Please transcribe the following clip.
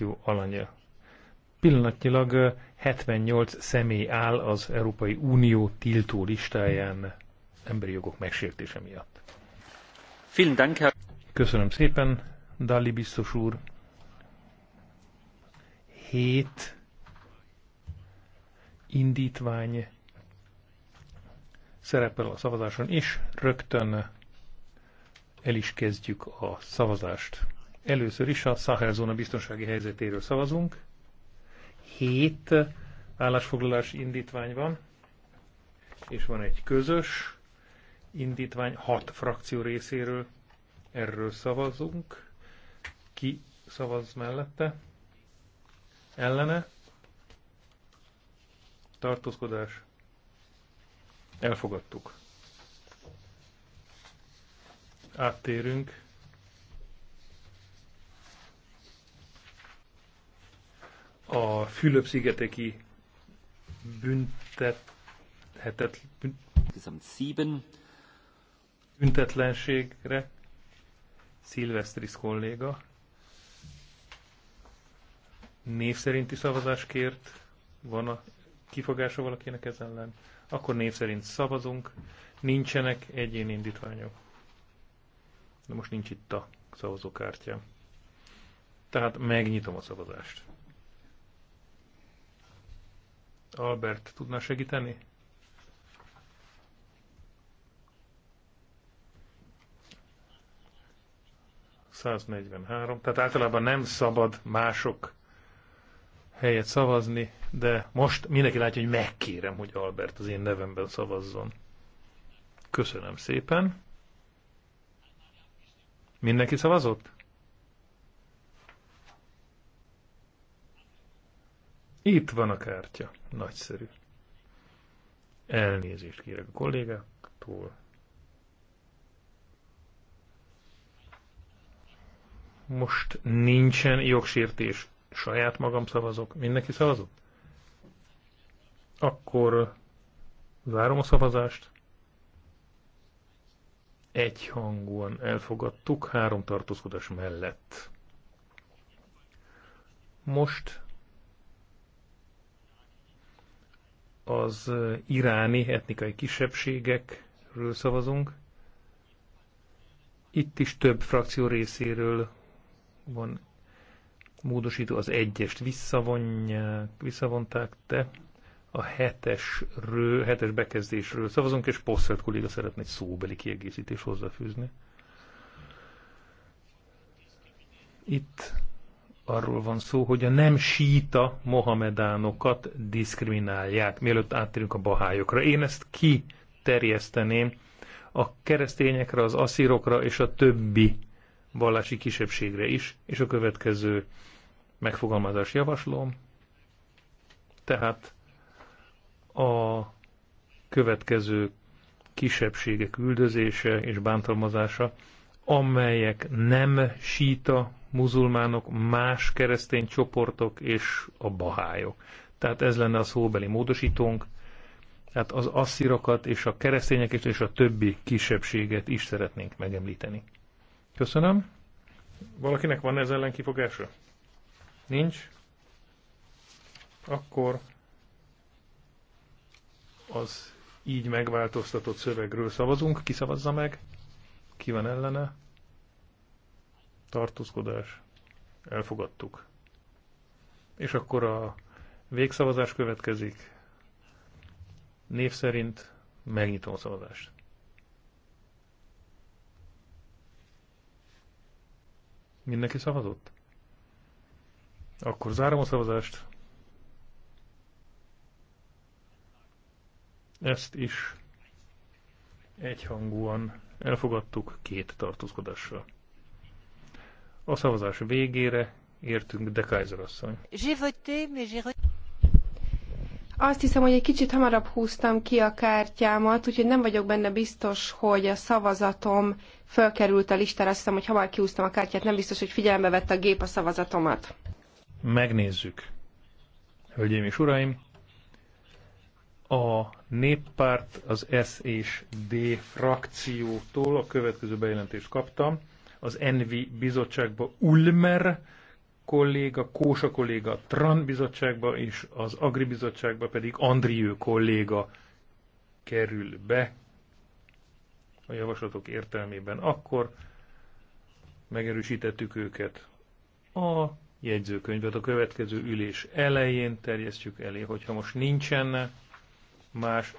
migráció alanya. Pillanatnyilag 78 személy áll az Európai Unió tiltó listáján emberi jogok megsértése miatt. Köszönöm szépen, Dali biztos úr. 7 indítvány szerepel a szavazáson, és rögtön el is kezdjük a szavazást. Először is a zóna biztonsági helyzetéről szavazunk. Hét állásfoglalás indítvány van, és van egy közös indítvány hat frakció részéről. Erről szavazunk. Ki szavaz mellette? Ellene? Tartózkodás? Elfogadtuk. Áttérünk a Fülöp-szigeteki büntethetett büntetlenségre Szilvesztris kolléga név szerinti szavazás kért, van a kifogása valakinek ez ellen, akkor név szerint szavazunk, nincsenek egyén indítványok. De most nincs itt a szavazókártya. Tehát megnyitom a szavazást. Albert, tudna segíteni? tehát általában nem szabad mások helyet szavazni, de most mindenki látja, hogy megkérem, hogy Albert az én nevemben szavazzon. Köszönöm szépen. Mindenki szavazott? Itt van a kártya. Nagyszerű. Elnézést kérek a kollégáktól. Most nincsen jogsértés. Saját magam szavazok. Mindenki szavazott? Akkor várom a szavazást. Egyhangúan elfogadtuk három tartózkodás mellett. Most az iráni etnikai kisebbségekről szavazunk. Itt is több frakció részéről van módosító, az egyest visszavonják, visszavonták, te. a hetesről, hetes bekezdésről szavazunk, és Posszert kolléga szeretne egy szóbeli kiegészítést hozzáfűzni. Itt arról van szó, hogy a nem síta mohamedánokat diszkriminálják, mielőtt áttérünk a bahályokra. Én ezt kiterjeszteném a keresztényekre, az aszírokra és a többi vallási kisebbségre is, és a következő megfogalmazás javaslom. Tehát a következő kisebbségek üldözése és bántalmazása, amelyek nem síta muzulmánok, más keresztény csoportok és a bahályok. Tehát ez lenne a szóbeli módosítónk. Tehát az asszirokat és a keresztényeket és a többi kisebbséget is szeretnénk megemlíteni. Köszönöm. Valakinek van ez ellen kifogása? Nincs? Akkor az így megváltoztatott szövegről szavazunk. Ki szavazza meg? Ki van ellene? tartózkodás, elfogadtuk. És akkor a végszavazás következik. Név szerint megnyitom a szavazást. Mindenki szavazott? Akkor zárom a szavazást. Ezt is egyhangúan elfogadtuk két tartózkodással. A szavazás végére értünk, de Kaiser asszony. Azt hiszem, hogy egy kicsit hamarabb húztam ki a kártyámat, úgyhogy nem vagyok benne biztos, hogy a szavazatom fölkerült a listára. Azt hiszem, hogy hamar kiúztam a kártyát, nem biztos, hogy figyelembe vette a gép a szavazatomat. Megnézzük. Hölgyeim és uraim, a néppárt az S és D frakciótól a következő bejelentést kaptam az Envi bizottságba Ulmer kolléga, Kósa kolléga Tran bizottságba, és az Agri bizottságba pedig Andriő kolléga kerül be a javaslatok értelmében. Akkor megerősítettük őket. A jegyzőkönyvet a következő ülés elején terjesztjük elé, hogyha most nincsen más